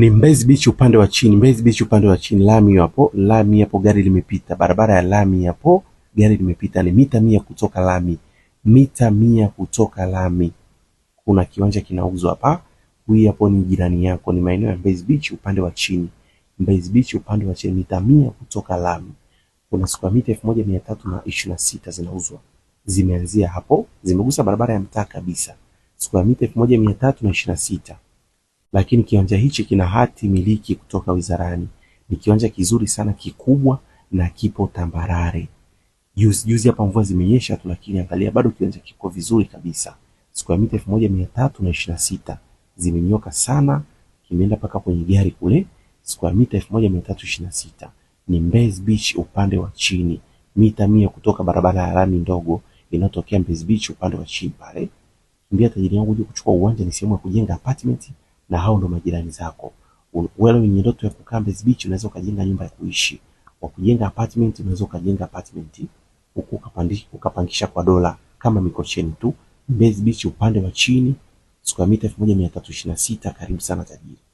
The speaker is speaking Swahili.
ni Mbezi Beach upande wa chini, Mbezi Beach upande wa chini, lami hapo, lami hapo, gari limepita, barabara ya lami hapo, gari limepita, ni mita mia kutoka lami, mita mia kutoka lami. Kuna kiwanja kinauzwa hapa, hii hapo ni jirani yako, ni maeneo ya Mbezi Beach upande wa chini, Mbezi Beach upande wa chini, mita mia kutoka lami. Kuna square mita elfu moja mia tatu na ishirini na sita zinauzwa, zimeanzia hapo, zimegusa barabara ya mtaa kabisa, square mita elfu moja mia tatu na ishirini na sita lakini kiwanja hichi kina hati miliki kutoka wizarani. Ni kiwanja kizuri sana kikubwa na kipo tambarare. Juzi juzi hapa mvua zimenyesha tu, lakini angalia bado kiwanja kiko vizuri kabisa. Square mita elfu moja mia tatu na ishirini na sita zimenyoka sana, kimeenda mpaka kwenye gari kule. Square mita elfu moja mia tatu ishirini na sita ni Mbezi Beach upande wa chini, mita mia kutoka barabara ya lami ndogo inayotokea Mbezi Beach upande wa chini pale. Kimbia tajiri yangu uje kuchukua uwanja, ni sehemu ya kujenga apartment na hao ndo majirani zako. Wewe mwenye ndoto ya kukaa Mbezi Beach unaweza ukajenga nyumba ya kuishi. Kwa kujenga apartment unaweza ukajenga apartment huku ukapangisha kwa dola kama Mikocheni tu Mbezi Beach upande wa chini, square mita elfu moja mia tatu ishirini na sita. Karibu sana tajiri.